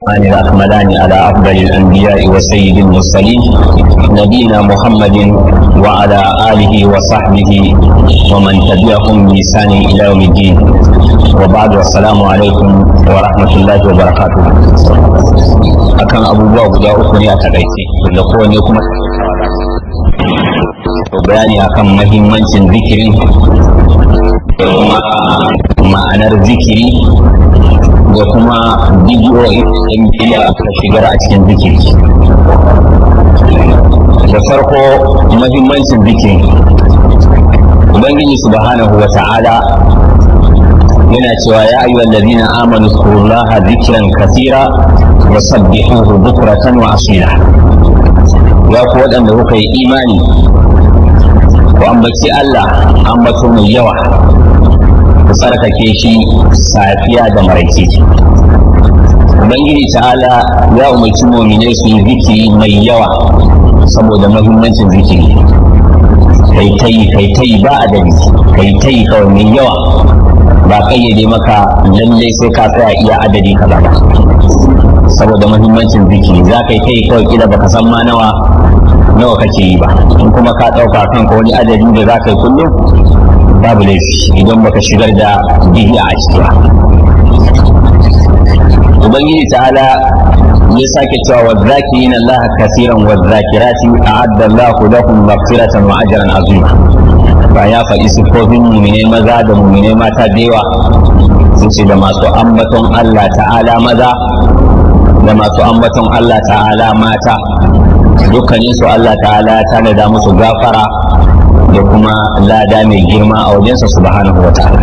الرحمن الأكملان على أفضل الأنبياء وسيد المرسلين نبينا محمد وعلى آله وصحبه ومن تبعهم بلسان إلى يوم الدين وبعد والسلام عليكم ورحمة الله وبركاته أكرم أبو بكر دا أخرى أتغيتي لقوني كما وبياني أكان مهمة ذكري وما معنى الذكري da kuma bidiyoyi ɗin biya da shigar a cikin zikiri da farko mahimmancin zikiri ubangiji subhanahu wa ta'ala yana cewa ya ayyuhal ladina amanu zkurullaha zikran kathira wa sabbihuhu bukratan wa asila ya ku waɗanda kuka yi imani ku ambaci Allah ambato mai yawa tsarkake shi safiya da maraice ubangiji ta'ala ya umarci mominai su yi zikiri mai yawa saboda mahimmancin zikiri kai ta kai ba adadi kai ta kawai mai yawa ba kayyade maka lalle sai ka tsaya iya adadi ka ba saboda mahimmancin zikiri za ka yi ta kawai kila baka san ma nawa nawa kake yi ba in kuma ka ɗauka kanka wani adadi da za ka yi kullum babu laifi idan baka shigar da bidiya a ciki ba ubangiji ta'ala ya sake cewa wa na Allah kasiran wa zakirati a Allah lahum maghfiratan wa ajran azima ba ya faɗi siffofin mumine maza da mumine mata da yawa sun ce da masu ambaton Allah ta'ala maza da masu ambaton Allah ta'ala mata dukkaninsu Allah ta'ala ya tanada musu gafara da kuma lada mai girma a wajensa subhanahu wa ta'ala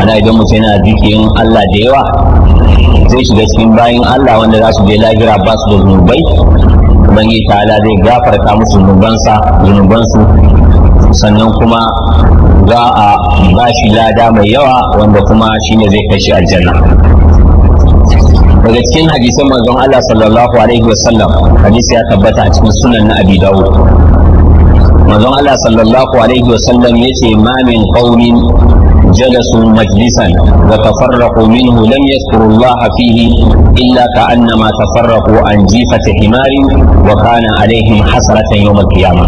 ana idan mutum yana dukiyin Allah da yawa zai shiga cikin bayan Allah wanda za su je lahira ba su da zunubai ubangiji ta'ala zai gafarta musu zunubansa zunubansu sannan kuma za a ba shi lada mai yawa wanda kuma shine zai kashi shi aljanna daga cikin hadisan manzon Allah sallallahu alaihi wasallam hadisi ya tabbata a cikin sunan na Abi Dawud manzon صلى الله عليه وسلم yace ما من قوم جلسوا مجلسا وتفرقوا منه لم يذكروا الله فيه إلا كأنما تفرقوا عن جيفة حمار وكان عليهم حسرة يوم القيامة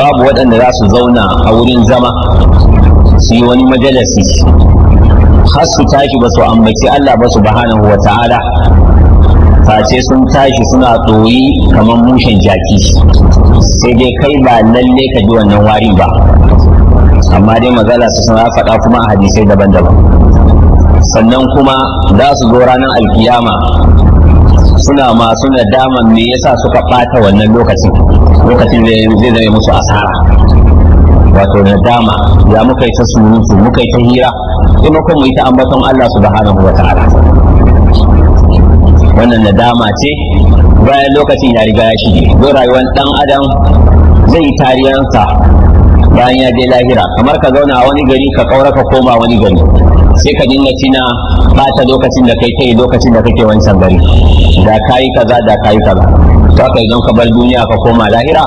باب ودن راس زونا أو زما سيوني مجلسي خاص تاكي بسو أمبتي الله سبحانه وتعالى face sun tashi suna tsoyi kamar mushen jaki sai dai kai ba lalle ka ji wannan wari ba amma dai magana su suna faɗa kuma a hadisai daban-daban sannan kuma za su zo ranar alkiyama suna masu nadaman me yasa suka ɓata wannan lokacin lokacin zai zama musu asara wato nadama ya muka yi ta surutu muka yi ta hira ina kuma yi ta ambaton Allah subhanahu wa ta'ala wannan nadama ce bayan lokacin ya riga ya shige don rayuwar dan adam zai yi tariyansa bayan ya je lahira kamar ka zauna a wani gari ka kaura ka koma wani gari sai ka dinga tina bata lokacin da kai kai lokacin da kake wancan gari da kayi kaza da kayi kaza to yi idan ka bar duniya ka koma lahira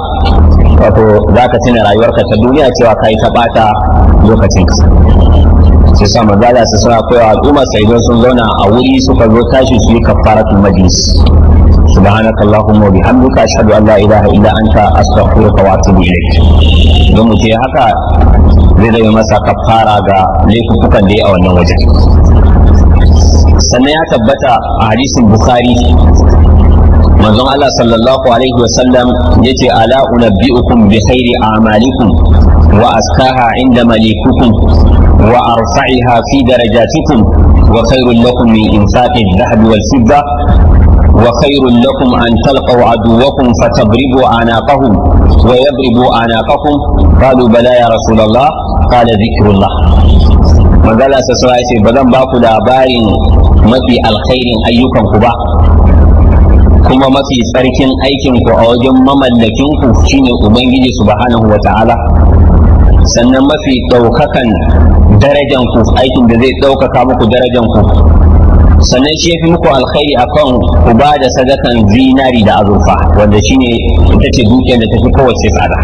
wato za ka rayuwarka ta duniya cewa kayi ta bata lokacin sai sa manzala su suna koyawa al'umma sai idan sun zauna a wuri suka zo tashi su yi kafaratul majlis سبحانك اللهم وبحمدك اشهد ان لا اله الا انت استغفرك واتوب اليك don mu ce haka zai zama masa kafara ga laifukan da ya a wannan wajen sannan ya tabbata a hadisin bukhari manzon Allah sallallahu alaihi wa sallam yace ala unabbiukum bi khairi a'malikum وأزكاها عند مليككم وأرفعها في درجاتكم وخير لكم من إنفاق الذهب والفضة وخير لكم أن تلقوا عدوكم فتضربوا أعناقهم ويضربوا أعناقكم قالوا بلى يا رسول الله قال ذكر الله مازال سسرائي بدن باكو لابارين ما في الخير أيكم كبا kuma mafi tsarkin aikinku a wajen mamallakinku shine ubangiji subhanahu wa ta'ala sannan mafi ɗaukakan darajan ku aikin da zai ɗaukaka muku darajan ku sannan shi yafi muku alkhairi akan ku ba da sadakan zinari da azurfa wanda shine ita ce dukiyar da ta fi kowace tsada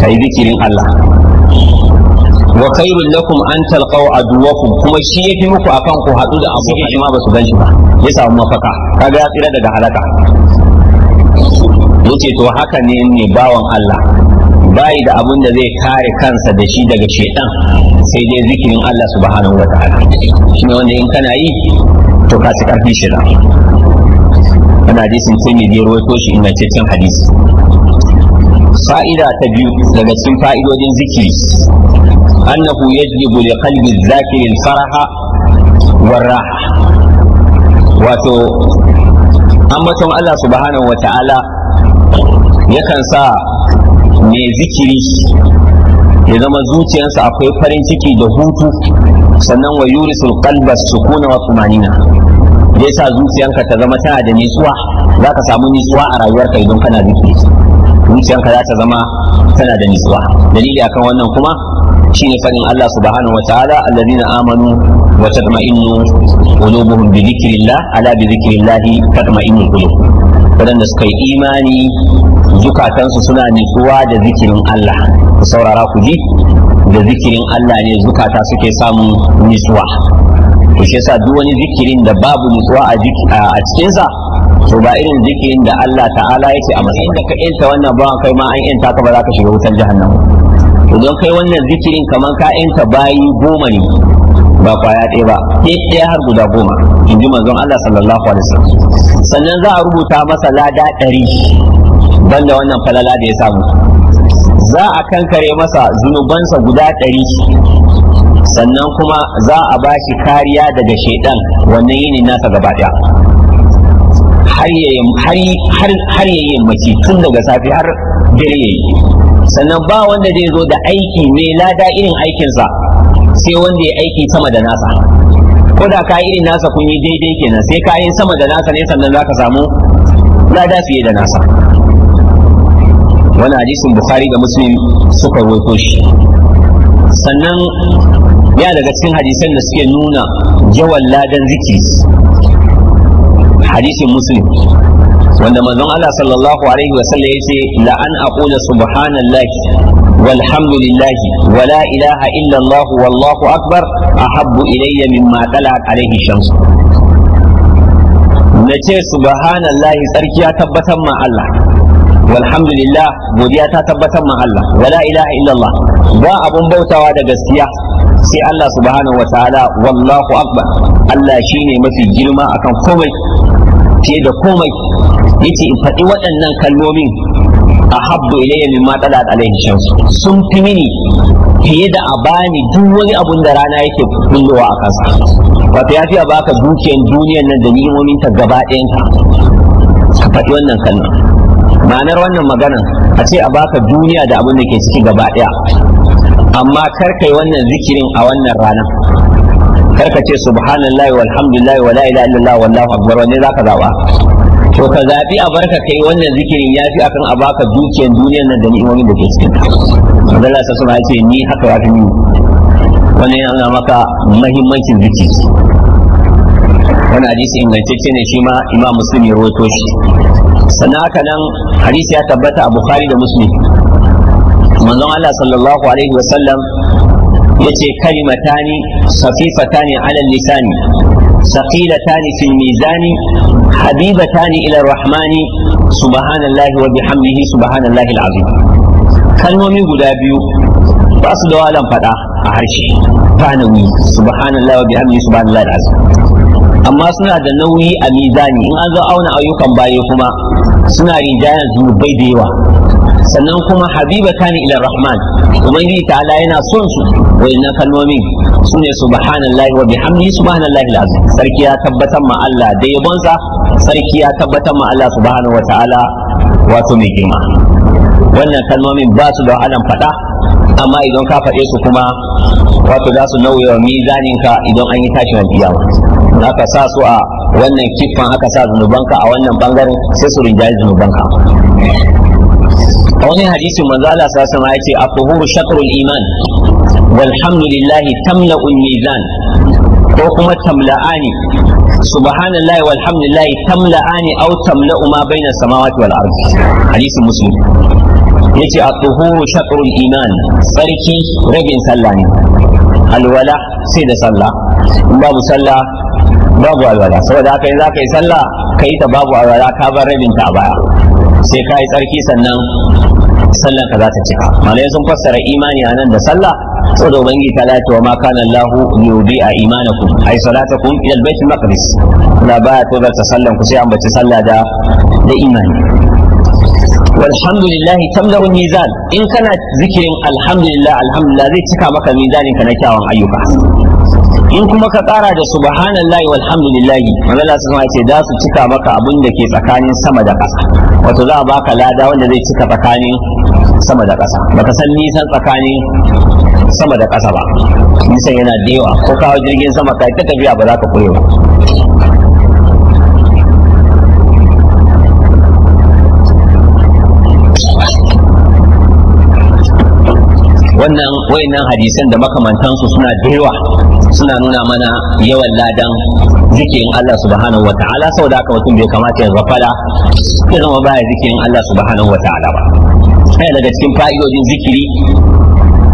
ta yi zikirin Allah wa khairul lakum an talqaw aduwakum kuma shi yafi muku akan ku hadu da abokan shi ma ba su gan shi ba ya samu mafaka kaga ya tsira daga halaka yace to haka ne ne bawan Allah bai da abin da zai kare kansa da shi daga shedan sai dai zikirin Allah subhanahu wataala shine wanda in kana yi to ka ci karfi shedan wannan hadisin sai mai biyar wato shi ingantaccen hadisi fa'ida ta biyu daga cikin fa'idodin zikiri annahu yajibu li qalbi Zakirin, al-faraha raha wato ambaton Allah subhanahu wataala yakan sa mai zikiri ya zama zuciyarsa akwai farin ciki da hutu sannan wa yurisul qalba sukuna wa tumanina zai sa zuciyarka ta zama tana da nisuwa za ka samu nisuwa a rayuwarka idan kana zikiri zuciyarka za ta zama tana da nisuwa dalili akan wannan kuma shine sanin Allah subhanahu wa ta'ala allazina amanu wa tatma'innu qulubuhum bi dhikrillah ala bi dhikrillah tatma'innu qulub waɗanda suka yi imani zukatansu suna nutsuwa da zikirin Allah ku saurara ku ji da zikirin Allah ne zukata suke samun nutsuwa ku shi yasa duk wani zikirin da babu nutsuwa a cikinsa to ba irin zikirin da Allah ta'ala yake a matsayin da ka yanta wannan ba kai ma an yanta ka ba za ka shiga wutar jahannama to don kai wannan zikirin kamar ka yanta bayi goma ne ba kwaya ɗaya ba ɗaya har guda goma in ji manzon Allah sallallahu alaihi wasallam sannan za a rubuta masa lada ɗari banda wannan falala da ya samu za a kankare masa zunubansa guda ɗari sannan kuma za a ba shi kariya daga shaidan wannan yini nasa gaba ɗaya har ya mace tun daga safe har dare yayi sannan ba wanda zai zo da aiki mai lada irin aikinsa sai wanda ya aiki sama da nasa ko da ka irin nasa kun yi daidai kenan sai ka yi sama da nasa ne sannan za ka samu lada fiye da nasa wani hadisin bukhari ga muslim suka rawaito shi sannan ya daga cikin hadisan da suke nuna yawan ladan zikiri hadisin muslim wanda manzon Allah sallallahu alaihi wa sallam yace la an aqula subhanallahi والحمد لله ولا إله إلا الله والله أكبر أحب إلي مما طلعت عليه الشمس nace subhanallahi tsarki ya tabbatar ma Allah walhamdulillah godiya ta tabbatar ma Allah wala ilaha illallah ba abun bautawa da gaskiya sai Allah subhanahu wataala wallahu akbar Allah shine mafi girma akan komai fiye da komai yace in faɗi waɗannan kallomin. ahabbu ilayya mimma talat alaihi shamsu sun fi mini fiye da a bani duk wani abun da rana yake bullowa a kansa wato ya fi a baka dukiyan duniyar nan da ni'imomin ta gaba ɗayanta ka faɗi wannan kalma ma'anar wannan magana a ce a baka duniya da abun da ke ciki gaba ɗaya amma kar kai wannan zikirin a wannan rana kar ka ce subhanallahi walhamdulillahi wala ilaha illallah wallahu akbar wanne zaka zaba to ka zaɓi a barka kai wannan zikirin ya fi akan a baka dukiyar duniyar nan da ni'imomin da ke cikin Allah sa suna ce ni haka ya fi ni wannan yana nuna maka mahimmancin zikiri Wani hadisi ingantacce ne shi ma imam muslim ya rawaito shi sannan haka nan hadisi ya tabbata a bukhari da muslim manzon Allah sallallahu alaihi wa sallam yace kalimatani safifatani ala lisani ثقيلتان في الميزان حبيبتان إلى الرحمن سبحان الله وبحمده سبحان الله العظيم kalmomi guda biyu ba su da walan fada a harshe ba nauyi subhanallah wa bihamdihi subhanallah alazim amma suna da nauyi a mizani in an zo auna ayyukan baye kuma suna rijaya zunubai da yawa sannan kuma Habiba habibatan ila rahman ubangiji ta'ala yana son su wayannan kalmomin su ne subhanallahi wa bihamdihi subhanallahi alazim sarki ya tabbatar ma Allah da yabonsa sarki ya tabbatar ma Allah subhanahu wa ta'ala wato mai girma wannan kalmomin ba su da wahalan fada amma idan ka faɗe su kuma wato za su nauye wa mizaninka idan an yi tashin alkiyama aka sa su a wannan kiffan aka sa zunubanka a wannan bangaren sai su rinjaye zunubanka a wani hadisi manzo Allah sallallahu alaihi wasallam ya ce at-tuhuru shatrul iman walhamdulillahi tamla'ul mizan ko kuma tamla'ani subhanallahi walhamdulillahi tamla'ani aw tamla'u ma baina samawati wal ardi hadisi muslim yace at-tuhuru shatrul iman sarki rabin sallah ne alwala sai da sallah babu sallah babu alwala saboda haka in zaka yi sallah kai ta babu alwala ka bar rabin ta baya sai ka yi tsarki sannan sallan ka za ta cika malai sun fassara imani a nan da sallah saboda ubangiji ta lati wa ma kana Allah yubi a imanakum ai salatakum ila albayt almaqdis la ba to da sallan ku sai an bace sallah da da imani walhamdulillah tamla'u mizan in kana zikirin alhamdulillah alhamdulillah zai cika maka mizanin ka na kyawun ayyuka in kuma ka tsara da subhanallahi walhamdulillahi manzala su sama ce za su cika maka abin da ke tsakanin sama da ƙasa wato za a baka lada wanda zai cika tsakanin sama da ƙasa baka san nisan tsakanin sama da ƙasa ba nisan yana da yawa ko kawo jirgin sama kai ta tafiya ba za ka kure ba wannan wayannan hadisan da makamantansu suna da yawa suna nuna mana yawan ladan zikirin Allah subhanahu wa ta'ala saboda haka mutum bai kamata ya zafala ya zama baya zikirin Allah subhanahu wa ta'ala ba sai daga cikin fa'idodin zikiri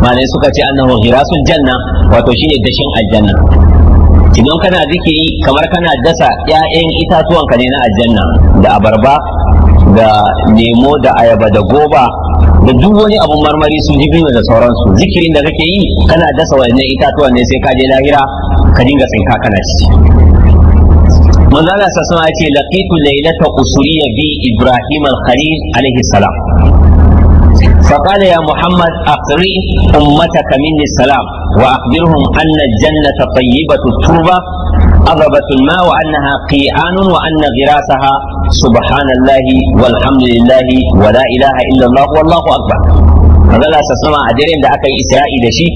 malai suka ce annahu ghirasul janna wato shine dashin aljanna idan kana zikiri kamar kana dasa 'ya'yan itatuwan ka ne na aljanna da abarba da nemo da ayaba da goba da duk wani abun marmari su jibinu da sauransu zikirin da kake yi kana dasa wannan itatuwan ne sai ka je lahira ka dinga tsinka kana ci manzala sassana ce laqitu laylata qusuriya bi ibrahim al-khalil alaihi salam فقال يا محمد أقري أمتك مني السلام وأخبرهم أن الجنة طيبة التربة أضبت الماء وأنها قيعان وأن غراسها سبحان الله والحمد لله ولا إله إلا الله والله أكبر هذا لا سسمع أدرين دا أكي إسرائي دا شيء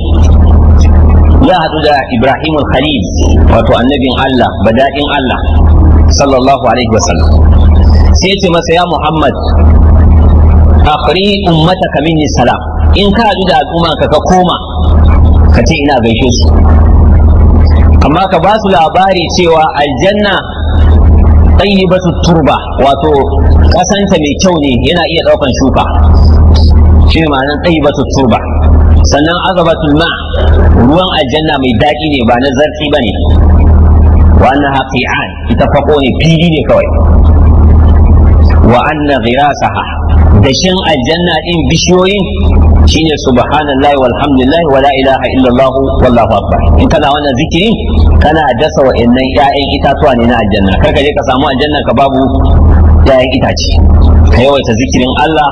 يا هذا إبراهيم الخليل وتو النبي الله بدائن الله صلى الله عليه وسلم سيتي مسيا محمد akhri ummataka minni salam in ka ji da al'umma ka ka koma ka ce ina gaishe su amma ka ba su labari cewa aljanna tayyibatu turba wato ƙasanta mai kyau ne yana iya ɗaukan shuka shi ne ma'anar tayyibatu turba sannan azabatul ma ruwan aljanna mai daɗi ne ba na zarfi bane wa anna haqi'an ita fako ne fili ne kawai wa anna ghirasaha dashin aljanna din bishiyoyin shine subhanallahi walhamdulillahi wala ilaha illallah wallahu akbar in kana wannan zikirin kana dasa wa'annan ƴaƴan itatuwa ne na aljanna kar ka je ka samu aljanna ka babu ƴaƴan itace ka yawaita zikirin Allah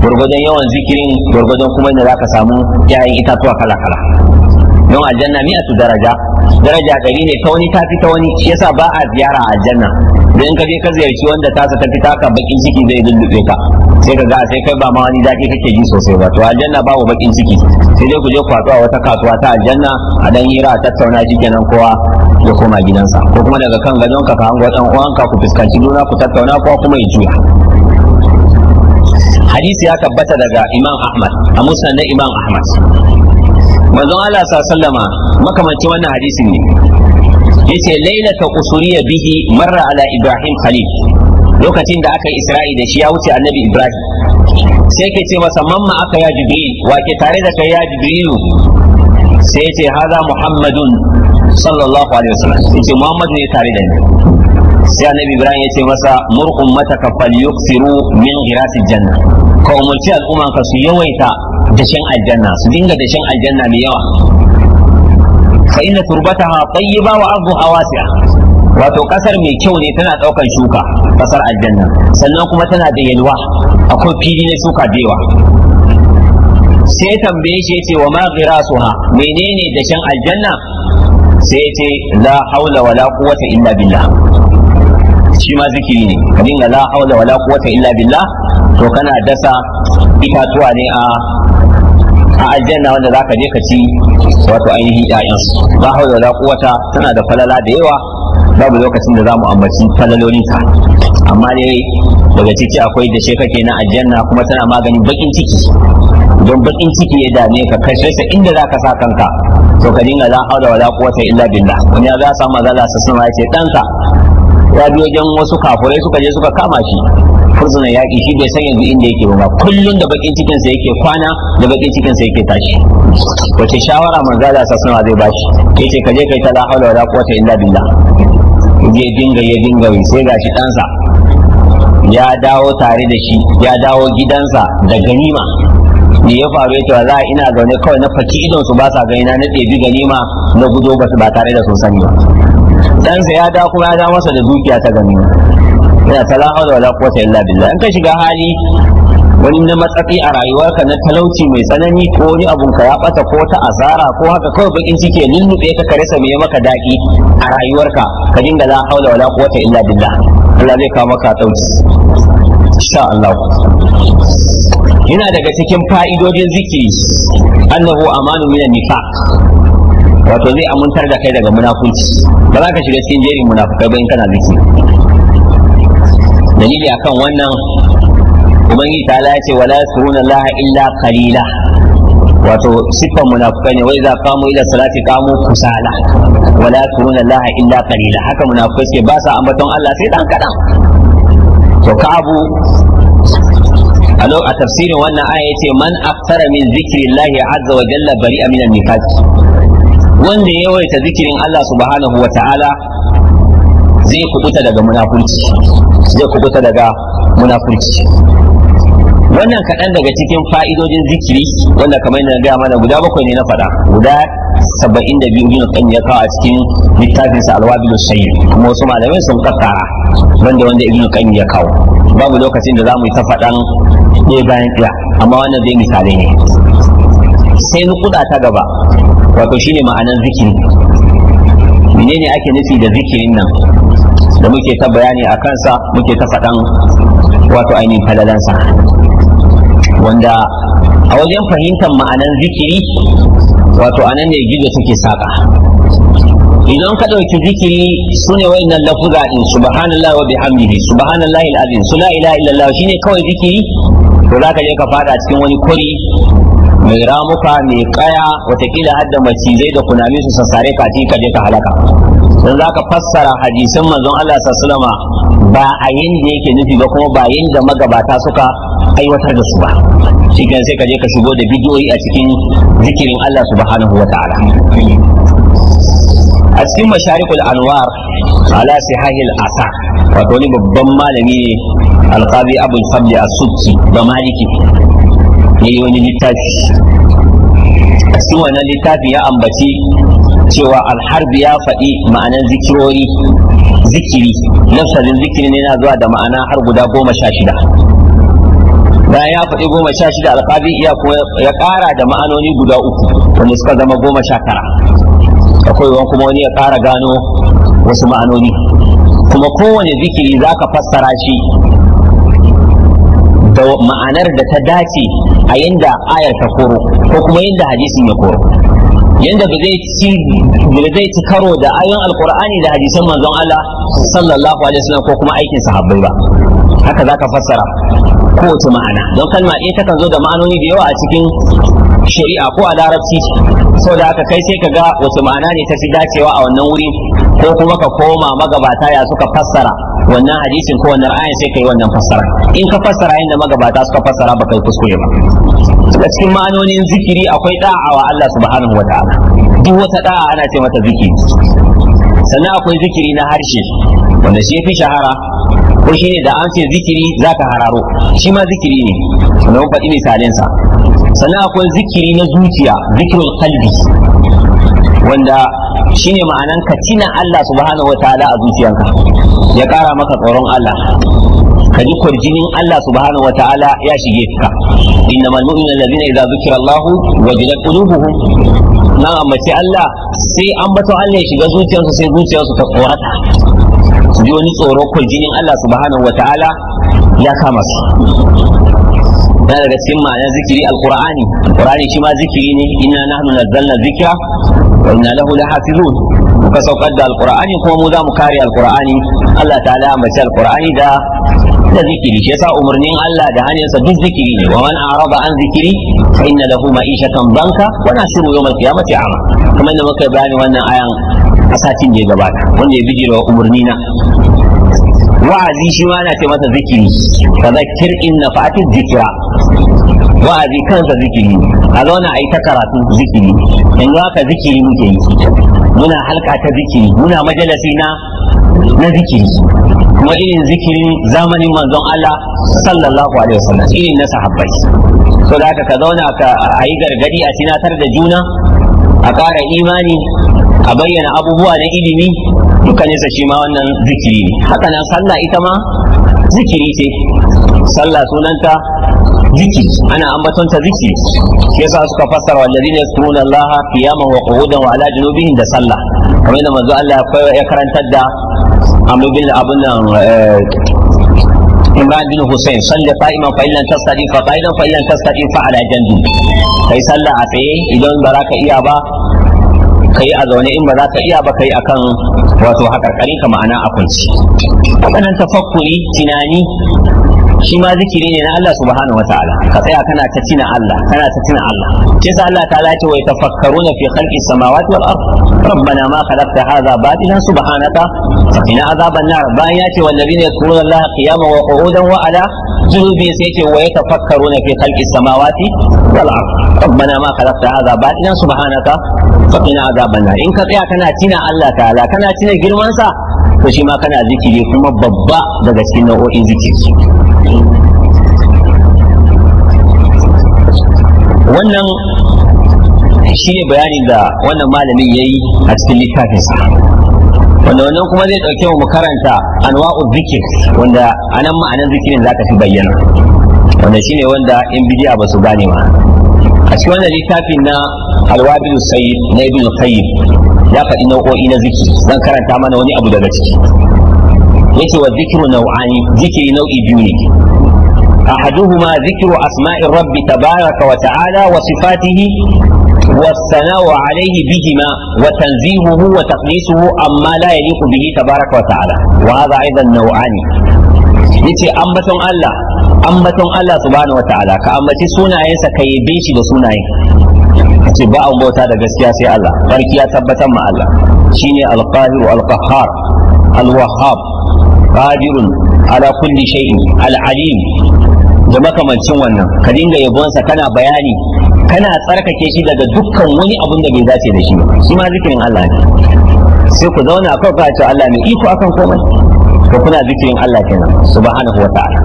gurgudan yawan zikirin gurgudan kuma inda zaka samu ƴaƴan itatuwa kala kala don aljanna mi'atu daraja daraja gari ne ta wani tafi ta wani shi yasa ba a ziyara aljanna don ka je ka ziyarci wanda tasa ta fita ka bakin ciki zai lullube ka sai ka ga sai kai ba ma wani kake ji sosai ba to aljanna babu bakin ciki sai dai ku je kwatuwa wata kasuwa ta aljanna a dan hira a tattauna shi kenan kowa ya koma gidansa ko kuma daga kan gadon ka hango dan uwanka ku fuskanci juna ku tattauna kowa kuma ya juya hadisi ya tabbata daga imam ahmad a musnad na imam ahmad manzon allah sallama makamancin wannan hadisin ne yace lailata usuriya bihi marra ala ibrahim khalil lokacin da aka yi isra'i da shi ya wuce annabi ibrahim sai ke ce masa mamma aka ya jibril wake tare da kai ya jibrilu sai ce haza muhammadun sallallahu alaihi wasallam ce muhammad ne tare da ni sai annabi ibrahim ya ce masa mur ummataka falyuksiru min ghirasil janna ka umarci al'umma ka su yawaita dashen aljanna su dinga dashen aljanna mai yawa fa inna turbataha tayyiba wa arduha wasi'a wato kasar mai kyau ne tana daukan shuka kasar aljanna sannan kuma tana da yalwa akwai fili na shuka bewa sai tambaye shi yace wa ma ghirasuha menene dashen aljanna sai yace la haula wala quwwata illa billah shi ma zikiri ne ka dinga la haula wala quwwata illa billah to kana dasa itatuwa ne a a aljanna wanda zaka je ka ci wato ainihin 'ya'yansu la haula wala quwwata tana da falala da yawa babu lokacin da za mu ambaci falalolinsa amma dai daga ciki akwai da shefa ke na aljanna kuma tana maganin bakin ciki don bakin ciki ya dame ka kashe sa inda za ka sa kanka to ka dinga la haula wala quwwata illa billah wani ya za sa maza za su sama ce danka ya bi wajen wasu kafurai suka je suka kama shi fursunan yaƙi shi bai san yanzu inda yake ba kullum da bakin cikin sa yake kwana da bakin cikin sa yake tashi wace shawara manzo Allah sa sama zai bashi yace ka je kai ta la haula wala quwwata illa billah je dinga ya dinga wai sai gashi ɗansa ya dawo tare da shi ya dawo gidansa da ganima me ya faru yake cewa za ina zaune kawai na faki idon su ba sa gani na na ɗebi ganima na gudo ba tare da sun sani ba ɗansa ya dawo kuma ya dawo masa da dukiya ta ganima yana ta wala hawla ta yi illa billah in ka shiga hali wani na matsatsi a rayuwarka na talauci mai tsanani ko wani abun ka ya bata ko ta asara ko haka kawai bakin ciki ya lullube ka ka rasa mai maka daki a rayuwarka ka dinga la haula wala quwwata illa billah Allah zai kawo maka dauki insha Allah yana daga cikin fa'idodin zikiri annahu amanu minan nifaq wato zai amintar da kai daga munafunci ba za ka shiga cikin jerin munafukai ba in kana zikiri dalili akan wannan ubangiji ta ce wala yasuruna allaha illa qalila wato siffan munafukai ne wai za kamo ila salati kamo kusala wala yasuruna allaha illa qalila haka munafukai suke ba sa ambaton Allah sai dan kadan to ka'abu a a tafsirin wannan aya yace man aftara min zikrillahi azza wa jalla bari'a min an-nifaq wanda ya yawaita zikirin Allah subhanahu wa ta'ala zai kubuta daga munafurci zai kubuta daga munafurci wannan kaɗan daga cikin fa'idojin zikiri wanda kamar yana gaya mana guda bakwai ne na faɗa guda saba'in da biyu yin kan ya kawo a cikin littafinsa alwabilu sayyid kuma wasu malamai sun kakkara banda wanda ibnu kan ya kawo babu lokacin da za mu yi ta faɗan ɗaya bayan ɗaya amma wannan zai misali ne sai kuɗa ta gaba wato shine ma'anar zikiri menene ake nufi da zikirin nan da muke ta bayani a kansa muke ta faɗan wato ainihin falalansa wanda a wajen fahimtar ma'anan zikiri wato anan ne gizo take saka idan ka ɗauki zikiri su ne wa'innan lafuza in subhanallah wa bihamdihi subhanallah alazim su la ilaha illallah shine kawai zikiri to zaka je ka fada cikin wani kuri mai ramuka mai kaya watakila har da macizai da kunami su sassare ka ka je ka halaka don zaka fassara hadisin manzon Allah sallallahu alaihi ba a yanda yake nufi ba kuma ba yanda magabata suka aiwatar da su ba shi sai ka je ka shigo da bidiyoyi a cikin zikirin Allah subhanahu wa ta'ala a cikin masharikul anwar ala sihahil asa wato wani babban malami ne alkabi abul fadli as-subki ba maliki yayi wani littafi cikin wannan littafi ya ambaci cewa alharbi ya faɗi ma'anar zikirori zikiri lafsarin zikiri ne yana zuwa da ma'ana har guda goma sha shida bayan ya faɗi goma sha shida alƙabi iya kuma ya ƙara da ma'anoni guda uku wanda suka zama goma sha tara akwai wani kuma wani ya ƙara gano wasu ma'anoni kuma kowane zikiri za ka fassara shi da ma'anar da ta dace a yadda ayar ta koro ko kuma yadda hadisin ya koro yanda ba zai ci ci karo da ayoyin alqur'ani da hadisan manzon Allah sallallahu alaihi wasallam ko kuma aikin sahabbai ba haka ka fassara kowace ma'ana don kalma ɗaya takan zo da ma'anoni da yawa a cikin shari'a ko a larabci saboda haka kai sai ka ga wace ma'ana ne ta fi dacewa a wannan wuri ko kuma ka koma magabata ya suka fassara wannan hadisin ko wannan ayan sai ka yi wannan fassara in ka fassara yadda magabata suka fassara ba kai kuskure ba daga cikin ma'anonin zikiri akwai da'a wa Allah subhanahu wataala duk wata da'a ana ce mata zikiri sannan akwai zikiri na harshe wanda shi fi shahara ko shi ne da an ce zikiri ka hararo shi ma zikiri ne wanda mun faɗi misalinsa sannan akwai zikiri na zuciya zikirin qalbi wanda shine ma'anan ka tina Allah subhanahu wataala a zuciyarka, ya kara maka tsoron Allah ka ji kwarjinin Allah subhanahu wataala ya shige ka innamal mu'minuna allazina idza zukira Allah wajilat qulubuhum na ambaci Allah sai an ambaton Allah ya shiga zuciyarsu sai zuciyarsu ta tsorata su ji wani tsoro kwarjinin Allah subhanahu wataala ya kama su na daga cikin ma'anar zikiri alqur'ani qur'ani shi ma zikiri ne inna nahnu nazzalna zikra wa inna lahu lahafizun ka saukar da alqur'ani kuma mu za mu kare alqur'ani Allah ta'ala mace alqur'ani da zikiri shi yasa umarnin Allah da hanyar sa duk zikiri ne wa man araba an zikiri fa inna lahu ma'ishatan banka wa nasiru yawm al-qiyamati ama kuma inda muka bayani wannan ayan a satin da ya gabata wanda ya bijira umarni na wa'azi shi ma ana ce masa zikiri fa zakir in nafa'ati zikra wa'azi kansa zikiri a zauna a yi ta karatu zikiri yanzu haka zikiri muke yi muna halka ta zikiri muna majalasi na na zikiri kuma irin zikirin zamanin manzon Allah sallallahu alaihi wasallam irin na sahabbai so da haka ka zauna ka ayi gargadi a sinatar da juna a ƙara imani a bayyana abubuwa na ilimi dukkanin nisa shi ma wannan zikiri ne haka sallah ita ma zikiri ce sallah sunanta zikiri ana ambatonta zikiri shi yasa suka fassara wallazina yaskuruna Allah qiyaman wa qu'udan wa ala junubihim da sallah kamar yadda manzo Allah ya karantar da Amr bin abun nan eh, Imran bin Hussein salli qa'iman fa illan tastadi fa qa'idan fa illan tastadi fa ala janbi kai sallah a tsaye idan ba za ka iya ba yi a zaune in ba za ka iya ba a akan wato hakarkarin ka ma'ana a kunci wannan tafakkuri tunani shi ma zikiri ne na Allah subhanahu wataala ka tsaya kana ta tina Allah kana ta tina Allah shi yasa Allah ta lace wai tafakkaruna fi khalqi samawati wal ard rabbana ma khalaqta hadha batilan subhanaka qina azaban nar bayan ya ce wallazina yadhkuruna Allah qiyaman wa qu'udan wa ala zunubi sai ce wa yatafakkaruna fi khalqis samawati wal ard rabbana ma khalaqta hadha batilan subhanaka faqina azaban nar in ka tsaya kana cina Allah ta'ala kana cina girman sa to shi ma kana zikiri kuma babba daga cikin nau'o'in zikiri wannan shi ne bayanin da wannan malamin ya yi a cikin littafinsa wanda wannan kuma zai ɗauke mu karanta anwa'u zikir wanda anan ma'anan zikirin za ka fi bayyana wanda ne wanda in bidiya ba su gane ma a cikin wannan littafin na alwabilu sayyid na ibnu qayyim ya faɗi nau'o'i na zikiri zan karanta mana wani abu daga ciki yake wa zikiru nau'ani zikiri nau'i biyu ne ahaduhuma zikru asma'ir rabbi tabaraka wa ta'ala wasu fatihi? والثناء عليه بهما وتنزيهه وتقديسه أما لا يليق به تبارك وتعالى وهذا أيضا نوعان yace ambaton Allah ambaton Allah subhanahu wataala ka ambaci sunayensa ka yabe shi da sunayen ce ba an bauta da gaskiya sai Allah barki ya tabbatar ma Allah shine al-qahiru al-qahhar al-wahhab qadirun ala kulli shay'in al-alim da makamancin wannan ka dinga yabonsa kana bayani kana tsarkake shi daga dukkan wani abun da bai dace da shi shi ma zikirin Allah ne sai ku zauna akan ka ce Allah ne iko akan komai to kuna zikirin Allah kenan subhanahu wa ta'ala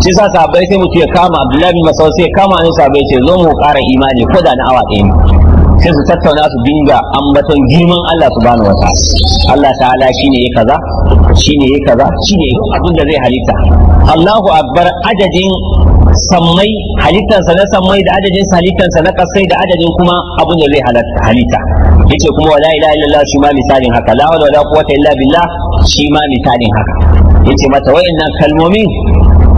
shi sa sahabbai sai mutu ya kama Abdullahi bin Mas'ud sai kama ne sahabbai ce zo mu ƙara imani ko da na awa ɗaya ne sai su tattauna su dinga ambaton girman Allah subhanahu wa ta'ala Allah ta'ala shine yake kaza shine yake kaza shine abin da zai halitta Allahu akbar adadin sammai halittansa na sammai da adadin halittansa na kasai da adadin kuma abin da zai halitta yace kuma wala ilaha illallah shi ma misalin haka la hawla wala quwwata illa billah shi ma misalin haka yace mata wayannan kalmomin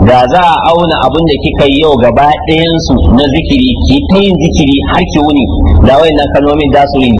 da za a auna abin da kika yi yau gaba ɗayansu na zikiri ki ta yin zikiri har ki wuni da wayannan kalmomin za su